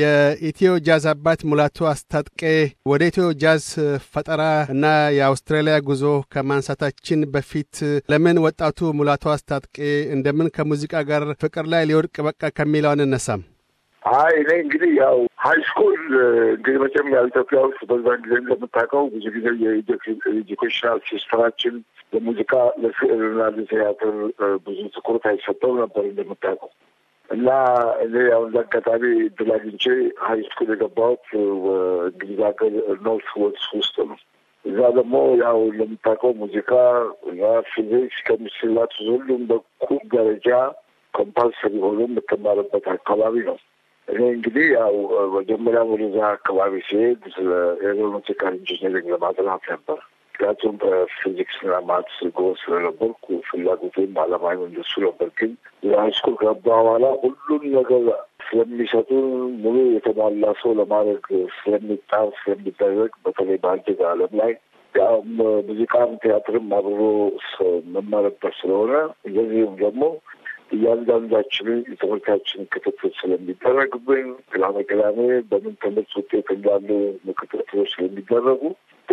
የኢትዮ ጃዝ አባት ሙላቱ አስታጥቄ ወደ ኢትዮ ጃዝ ፈጠራ እና የአውስትራሊያ ጉዞ ከማንሳታችን በፊት ለምን ወጣቱ ሙላቱ አስታጥቄ እንደምን ከሙዚቃ ጋር ፍቅር ላይ ሊወድቅ በቃ ከሚለው አንነሳም? አይ እኔ እንግዲህ ያው ሀይ ስኩል እንግዲህ መቼም ኢትዮጵያ ውስጥ በዛን ጊዜ እንደምታውቀው ብዙ ጊዜ የኤጁኬሽናል ሲስተማችን ለሙዚቃ ለስዕልና ለቲያትር ብዙ ትኩረት አይሰጠው ነበር እንደምታውቀው እና እኔ አሁን አጋጣሚ እድል አግኝቼ ሀይ ስኩል የገባሁት እንግሊዝ ሀገር ኖርት ወልስ ውስጥ ነው። እዛ ደግሞ ያው እንደምታውቀው ሙዚቃ እና ፊዚክስ፣ ኬሚስትሪ፣ ላቲን ሁሉም በኩል ደረጃ ኮምፓልሰሪ ሆኖ የምትማርበት አካባቢ ነው። እኔ እንግዲህ ያው መጀመሪያ ወደዛ አካባቢ ሲሄድ ስለ ኤሮኖቲካል ኢንጂነሪንግ ለማጥናት ነበር። ምክንያቱም በፊዚክስ እና ማትስ ጎ ስለነበርኩ ፍላጎቴም አላማይም እንደሱ ነበር። ግን የሃይስኩል ከባ በኋላ ሁሉን ነገር ስለሚሰጡ ሙሉ የተሟላ ሰው ለማድረግ ስለሚጣር ስለሚደረግ በተለይ በአንድግ አለም ላይ ሙዚቃም ቲያትርም አብሮ መማርበት ስለሆነ እንደዚሁም ደግሞ እያንዳንዳችንን የተመልካችን ክትትል ስለሚደረግብን ቅዳሜ ቅዳሜ በምን ትምህርት ውጤት እንዳሉ ክትትሎች ስለሚደረጉ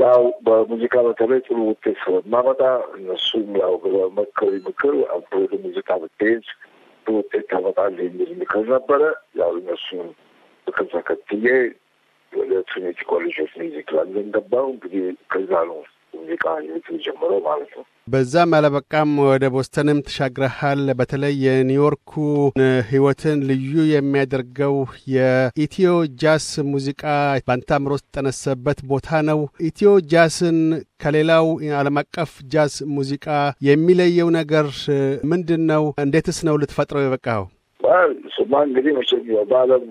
ያው በሙዚቃ በተለይ ጥሩ ውጤት ስለማመጣ እነሱም ያው በመከሪ ምክር አብ ወደ ሙዚቃ ብትሄድ ጥሩ ውጤት ታመጣለህ የሚል ምክር ነበረ። ያው እነሱን ምክር ተከትዬ ወደ ትሪኒቲ ኮሌጅ ኦፍ ሚውዚክ ለንደን ገባሁ። እንግዲህ ከዛ ነው ሙዚቃ ህዝብ ጀምሮ ማለት ነው። በዛም አለበቃም ወደ ቦስተንም ተሻግረሃል። በተለይ የኒውዮርኩ ህይወትን ልዩ የሚያደርገው የኢትዮ ጃስ ሙዚቃ ባንታምሮ አእምሮ ቦታ ነው። ኢትዮ ጃስን ከሌላው ዓለም አቀፍ ጃዝ ሙዚቃ የሚለየው ነገር ምንድን ነው? እንዴትስ ነው ልትፈጥረው የበቃኸው? እሱማ እንግዲህ መቼም በዓለም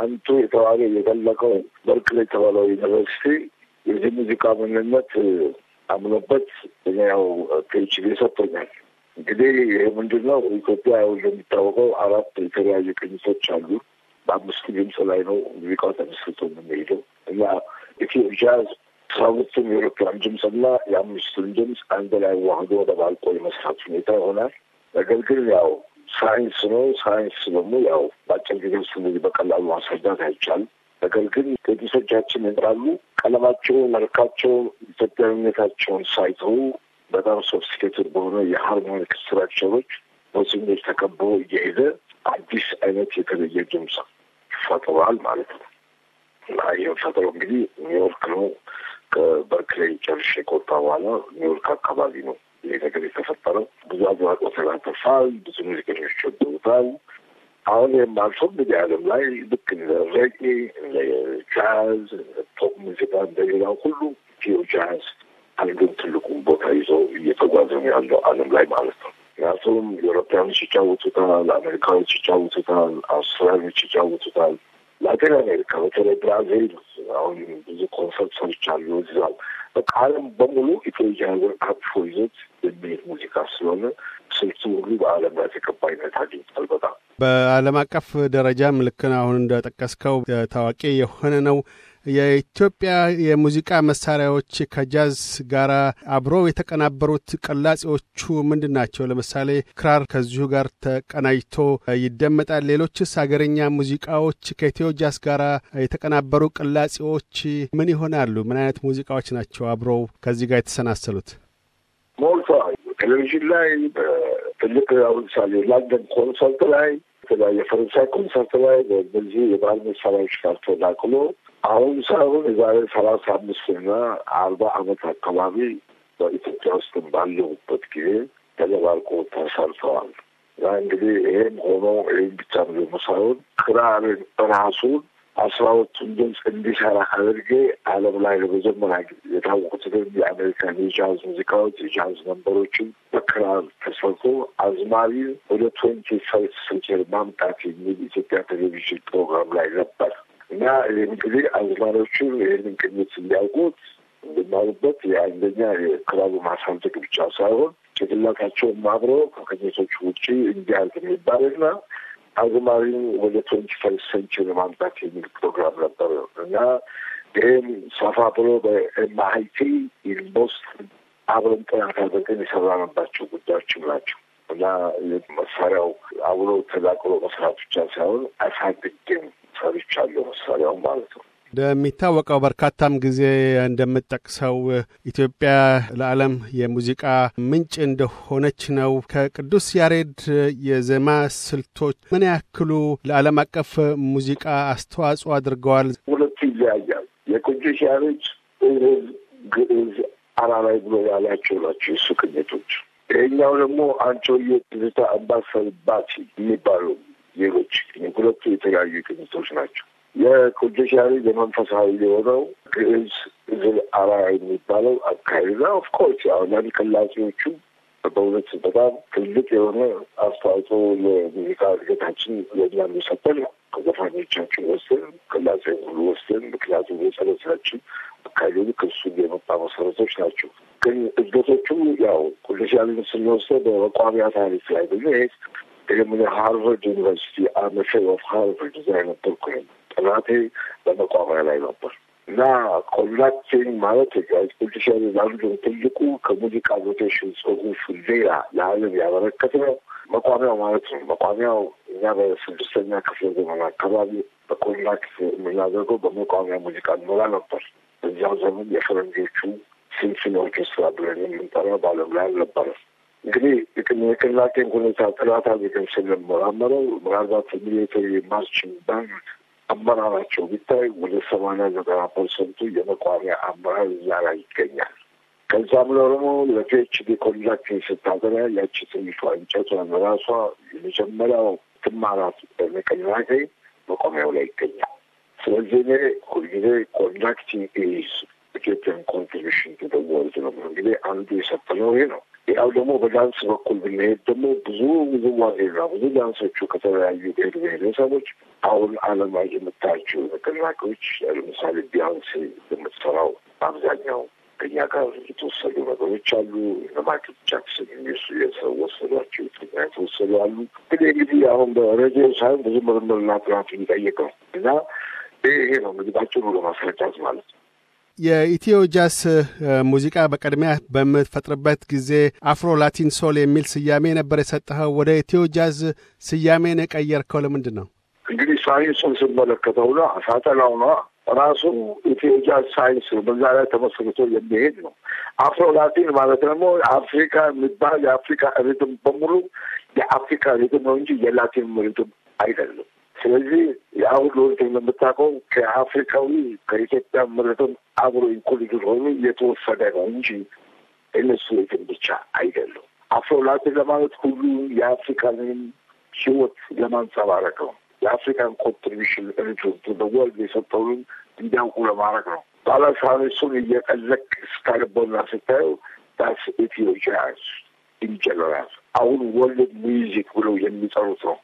አንቱ የተባለ የጠለቀው በርክሌ የተባለው ዩኒቨርሲቲ የዚህ ሙዚቃ ምንነት አምኖበት ያው ፒኤችዲ ሰጥቶኛል። እንግዲህ ይህ ምንድን ነው ኢትዮጵያ እንደሚታወቀው አራት የተለያዩ ቅኝቶች አሉ። በአምስቱ ድምፅ ላይ ነው ሙዚቃው ተመስርቶ የምንሄደው እና ኢትዮጵያ ሰውቱም አስራ ድምፅ የሁለቱን የአምስቱን ድምፅ አንድ ላይ ዋህዶ ወደ ባልቆ የመስራት ሁኔታ ይሆናል። ነገር ግን ያው ሳይንስ ነው። ሳይንስ ደግሞ ያው በአጭር ጊዜ ውስጥ በቀላሉ ማስረዳት አይቻልም። ነገር ግን ጥቂቶቻችን እንዳሉ ቀለማቸው፣ መልካቸው ኢትዮጵያዊነታቸውን ሳይተው በጣም ሶፍስቲኬትድ በሆነ የሃርሞኒክ ስትራክቸሮች በስሜት ተከቦ እየሄደ አዲስ አይነት የተለየ ድምፅ ፈጥሯል ማለት ነው እና ይህም ፈጥሮ እንግዲህ ኒውዮርክ ነው። ከበርክሌይ ጨርሼ ከወጣ በኋላ ኒውዮርክ አካባቢ ነው ይህ ነገር የተፈጠረው። ብዙ አድናቆት ተላተፋል። ብዙ ሙዚቀኞች ወደውታል። አሁን የማልፈው እንግዲህ ዓለም ላይ ልክ እንደ ሬጌ፣ እንደ ጃዝ፣ ፖፕ ሙዚቃ እንደሌላው ሁሉ ጂኦ ጃዝ አንዱን ትልቁን ቦታ ይዞ እየተጓዘ ነው ያለው ዓለም ላይ ማለት ነው። ምክንያቱም ኤውሮፓያኖች ይጫወቱታል፣ አሜሪካኖች ይጫወቱታል፣ አውስትራሊያኖች ይጫወቱታል። ላቲን አሜሪካ በተለይ ብራዚል አሁን ብዙ ኮንሰርት ሰርቻሉ እዛው በቃ በሙሉ ኢትዮጵያን ወርካፕ ፎይዘት የሚሄድ ሙዚቃ ስለሆነ ስልቱ ሁሉ በዓለም ላይ ተቀባይነት አግኝቷል። በጣም በዓለም አቀፍ ደረጃም ልክ አሁን እንደጠቀስከው ታዋቂ የሆነ ነው። የኢትዮጵያ የሙዚቃ መሳሪያዎች ከጃዝ ጋር አብረው የተቀናበሩት ቅላጼዎቹ ምንድን ናቸው? ለምሳሌ ክራር ከዚሁ ጋር ተቀናጅቶ ይደመጣል። ሌሎችስ አገረኛ ሙዚቃዎች ከኢትዮ ጃዝ ጋር የተቀናበሩ ቅላጼዎች ምን ይሆናሉ? ምን አይነት ሙዚቃዎች ናቸው አብረው ከዚህ ጋር የተሰናሰሉት? ሞልቷ ቴሌቪዥን ላይ ትልቅ አሁን ላንደን ኮንሰርት ላይ የተለያየ ፈረንሳይ ኮንሰርት ላይ በዚህ የባህል መሳሪያዎች ጋር ተዳቅሎ አሁን ሳይሆን የዛሬ ሰላሳ አምስትና አርባ አመት አካባቢ በኢትዮጵያ ውስጥ ባለሁበት ጊዜ ተደባርቆ ተሰርተዋል። እና እንግዲህ ይሄም ሆኖ ይህም ብቻ ደግሞ ሳይሆን ክራርን ራሱን አስራዎቹን ድምፅ እንዲሰራ አድርጌ ዓለም ላይ ለመጀመሪያ ጊዜ የታወቁትን የአሜሪካን የጃዝ ሙዚቃዎች የጃዝ ነንበሮችን በክራር ተሰርቶ አዝማሪ ወደ ትዌንቲ ፈርስት ሴንቸሪ ማምጣት የሚል ኢትዮጵያ ቴሌቪዥን ፕሮግራም ላይ ነበር። እና እንግዲህ አዝማሪዎቹ ይህንን ግኝት እንዲያውቁ እንድማሩበት የአንደኛ የክራቡ ማሳንጠቅ ብቻ ሳይሆን ጭንቅላታቸውን ማብሮ ከቅኝቶቹ ውጭ እንዲያልቅ የሚባልና አዝማሪን ወደ ቶንቲ ፈርስት ሴንቸሪ ማምጣት የሚል ፕሮግራም ነበር እና ይህም ሰፋ ብሎ በኤምአይቲ ኢንቦስት አብረን ጥናት አድርገን የሰራንባቸው ጉዳዮችም ናቸው እና መሳሪያው አብሮ ተዳቅሎ መስራት ብቻ ሳይሆን አሳድጌም ሰርቻለሁ። መሳሪያው ማለት ነው። እንደሚታወቀው በርካታም ጊዜ እንደምጠቅሰው ኢትዮጵያ ለዓለም የሙዚቃ ምንጭ እንደሆነች ነው። ከቅዱስ ያሬድ የዜማ ስልቶች ምን ያክሉ ለዓለም አቀፍ ሙዚቃ አስተዋጽኦ አድርገዋል? ሁለቱ ይለያያል። የቅዱስ ያሬድ እህዝ፣ ግዕዝ፣ አራራይ ብሎ ያላቸው ናቸው የሱ ቅኝቶች። ይህኛው ደግሞ አንቾዬ፣ ትዝታ፣ አምባሰል፣ ባቲ የሚባሉ ሌሎች ሁለቱ የተለያዩ ትምህርቶች ናቸው። የኮጀሻሪ በመንፈሳዊ የሆነው ግዕዝ እዝል አራ የሚባለው አካባቢ ና ኦፍኮርስ አንዳንድ ቅላሴዎቹ በእውነት በጣም ትልቅ የሆነ አስተዋጽኦ የሙዚቃ እድገታችን ለእኛ የሚሰጠን ከዘፋኞቻችን ወስን ቅላሴ ሁሉ ወስን ምክንያቱ የጸለሳችን አካባቢ ክሱ የመጣ መሰረቶች ናቸው። ግን እድገቶቹ ያው ቅዱስ ስንወስደ በቋሚያ ታሪክ ላይ ብዙ ደግሞ የሃርቨርድ ዩኒቨርሲቲ አመሸ ኦፍ ሃርቨርድ እዛ የነበርኩ ጥናቴ በመቋሚያ ላይ ነበር እና ኮንዳክቲንግ ማለት ፖሊሻሪ አንዱ ትልቁ ከሙዚቃ ኖቴሽን ጽሁፍ ሌላ ለዓለም ያበረከት ነው መቋሚያው ማለት ነው። መቋሚያው እኛ በስድስተኛ ክፍለ ዘመን አካባቢ በኮንዳክት የምናደርገው በመቋሚያ ሙዚቃ እንሞላ ነበር። በዚያው ዘመን የፈረንጆቹ ሲምፎኒ ኦርኬስትራ ብለን የምንጠራው በዓለም ላይ አልነበረም። እንግዲህ የቅላቄን ሁኔታ ጥላት አድርገው ስለመራመረው ምናልባት ሚሊተሪ ማርች ባሉት አመራራቸው ቢታይ ወደ ሰማንያ ዘጠና ፐርሰንቱ የመቋሚያ አመራር እዛ ላይ ይገኛል። ከዛም ደግሞ ለፒኤችዲ ኮንዳክት ስታገና ያቺ ትንሿ እንጨቷ ራሷ የመጀመሪያው ትማራት በንቅናቄ መቋሚያው ላይ ይገኛል። ስለዚህ እኔ ሁልጊዜ ኮንዳክቲንግ ኢዝ ኢትዮጵያን ኮንትሪቢሽን ቱ ዘ ወርልድ ነው እንግዲህ አንዱ የሰጠነው ይሄ ነው። ያው ደግሞ በዳንስ በኩል ብንሄድ ደግሞ ብዙ ውዝዋዜና ብዙ ዳንሶቹ ከተለያዩ ብሄር ብሄረሰቦች አሁን ዓለም ላይ የምታያቸው ንቅናቄዎች ለምሳሌ ቢያንስ የምትሰራው አብዛኛው ከኛ ጋር የተወሰዱ ነገሮች አሉ። ለማይክል ጃክሰን የሚሱ ወሰዷቸው ትኛ የተወሰዱ አሉ። ግን እንግዲህ አሁን በሬዲዮ ሳይሆን ብዙ ምርምርና ጥናት የሚጠይቅ ነው እና ይሄ ነው እንግዲህ ባጭሩ ለማስረዳት ማለት ነው። የኢትዮ ጃስ ሙዚቃ በቀድሚያ በምትፈጥርበት ጊዜ አፍሮ ላቲን ሶል የሚል ስያሜ ነበር የሰጠኸው። ወደ ኢትዮ ጃዝ ስያሜን የቀየርከው ለምንድን ነው? እንግዲህ ሳይንሱን ስመለከተው ነ ሳጠናው ነ ራሱ ኢትዮ ጃዝ ሳይንስ በዛ ላይ ተመስርቶ የሚሄድ ነው። አፍሮ ላቲን ማለት ደግሞ አፍሪካ የሚባል የአፍሪካ ሪትም በሙሉ የአፍሪካ ሪትም ነው እንጂ የላቲን ሪትም አይደለም። ስለዚህ አሁን ለወልደ የምታውቀው ከአፍሪካዊ ከኢትዮጵያ ምረትም አብሮ ኢንኮሊጅ ሆኑ የተወሰደ ነው እንጂ እነሱ ትን ብቻ አይደለም። አፍሮ ለማለት ሁሉ የአፍሪካንን ህይወት ለማንጸባረቅ ነው። የአፍሪካን ኮንትሪቢሽን ሪቱ በወርልድ የሰጠውን እንዲያውቁ ለማድረግ ነው። ባላሳንሱን እየጠለቅ እስካልቦና ስታየው ዳስ ኢትዮጵያ ኢንጀነራል አሁን ወርልድ ሚዚክ ብለው የሚጠሩት ነው።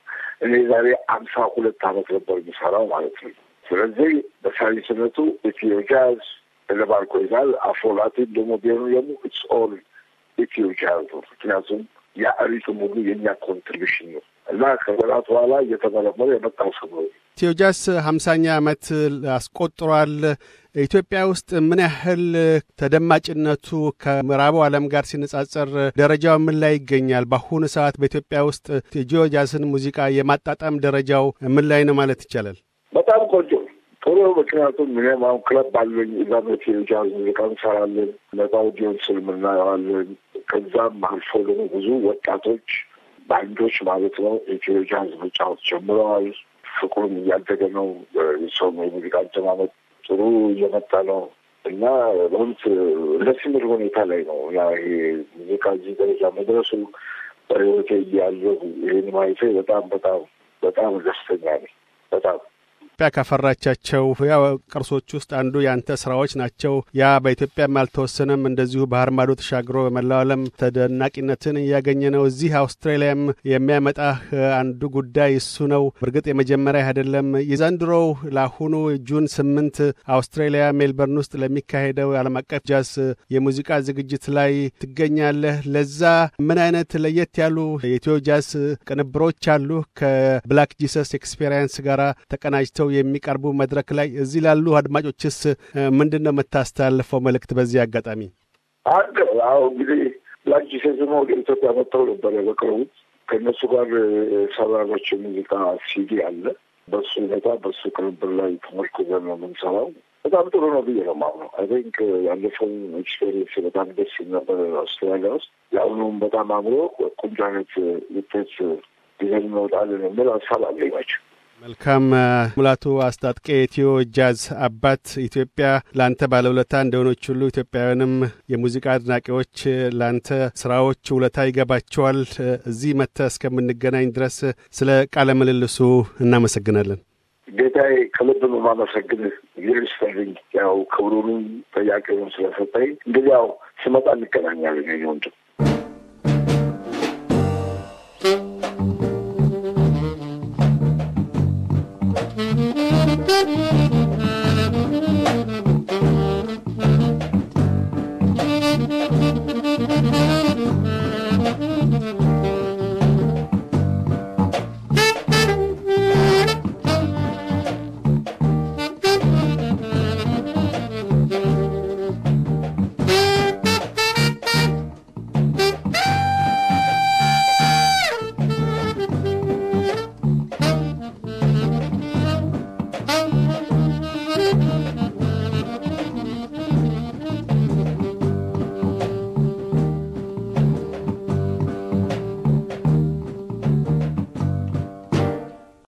እኔ ዛሬ አምሳ ሁለት አመት ነበር የሚሰራው ማለት ነው። ስለዚህ በሳይንስነቱ ኢትዮ ጃዝ ለባርኮ ይዛል። አፍሮላቲን ደግሞ ቢሆኑ ደግሞ ኢትስ ኦል ኢትዮ ጃዝ ነው። ምክንያቱም ያ ሪትም ሁሉ የእኛ ኮንትሪቢሽን ነው እና ከበላት በኋላ እየተመረመረ የመጣው ስም ነው። ኢትዮ ጃዝ ሀምሳኛ አመት አስቆጥሯል። ኢትዮጵያ ውስጥ ምን ያህል ተደማጭነቱ ከምዕራቡ ዓለም ጋር ሲነጻጸር ደረጃው ምን ላይ ይገኛል? በአሁኑ ሰዓት በኢትዮጵያ ውስጥ የጂኦ ጃዝን ሙዚቃ የማጣጣም ደረጃው ምን ላይ ነው ማለት ይቻላል? በጣም ቆንጆ ጥሩ። ምክንያቱም እኔም አሁን ክለብ አለኝ። እዛነት የጃዝ ሙዚቃ እንሰራለን። ለአውዲየንስ የምናየዋለን። ከዛም አልፎ ደግሞ ብዙ ወጣቶች ባንዶች ማለት ነው ኢትዮ ጃዝ መጫወት ጀምረዋል። ፍቅሩም እያደገ ነው። የሰው የሙዚቃ አጀማመጥ ጥሩ እየመጣ ነው እና በእውነት ደስ የሚል ሁኔታ ላይ ነው። ያ ይሄ ሙዚቃ እዚህ ደረጃ መድረሱ በህይወቴ እያለሁ ይህን ማየቴ በጣም በጣም በጣም ደስተኛ ነኝ በጣም ኢትዮጵያ ካፈራቻቸው ሕያው ቅርሶች ውስጥ አንዱ ያንተ ስራዎች ናቸው። ያ በኢትዮጵያም አልተወሰነም። እንደዚሁ ባህር ማዶ ተሻግሮ በመላው ዓለም ተደናቂነትን እያገኘ ነው። እዚህ አውስትራሊያም የሚያመጣህ አንዱ ጉዳይ እሱ ነው። እርግጥ የመጀመሪያ አይደለም። የዘንድሮው ለአሁኑ ጁን ስምንት አውስትራሊያ ሜልበርን ውስጥ ለሚካሄደው ዓለም አቀፍ ጃዝ የሙዚቃ ዝግጅት ላይ ትገኛለህ። ለዛ ምን አይነት ለየት ያሉ የኢትዮ ጃዝ ቅንብሮች አሉ ከብላክ ጂሰስ ኤክስፔሪንስ ጋር ተቀናጅተው በየፊናቸው የሚቀርቡ መድረክ ላይ እዚህ ላሉ አድማጮችስ ምንድን ነው የምታስተላልፈው መልእክት? በዚህ አጋጣሚ አንድ አሁ እንግዲህ ላጅ ሴዝኖ ወደ ኢትዮጵያ መጥተው ነበረ በቅርቡ ከእነሱ ጋር ሰራሮች ሙዚቃ ሲዲ አለ። በሱ ሁኔታ በሱ ቅንብር ላይ ተመርኩዘን ነው የምንሰራው። በጣም ጥሩ ነው ብዬ ነው የማምነው። አይ ቲንክ ያለፈው ኤክስፔሪንስ በጣም ደስ ነበር አውስትራሊያ ውስጥ። የአሁኑም በጣም አምሮ ቁንጆ አይነት ውጤት ይዘን እንወጣለን የሚል ሀሳብ አለኝ ናቸው መልካም ሙላቱ አስታጥቄ የኢትዮ ጃዝ አባት ኢትዮጵያ ለአንተ ባለውለታ እንደሆኖች ሁሉ ኢትዮጵያውያንም የሙዚቃ አድናቂዎች ለአንተ ስራዎች ውለታ ይገባቸዋል። እዚህ መጥተህ እስከምንገናኝ ድረስ ስለ ቃለ ምልልሱ እናመሰግናለን። ጌታዬ ከልብ ነው የማመሰግንህ። እግዚአብሔር ይስጥልኝ። ያው ክብሩንም ጥያቄውን ስለሰጠኝ እንግዲህ ያው ስመጣ እንገናኛለን ወንድም Thank you.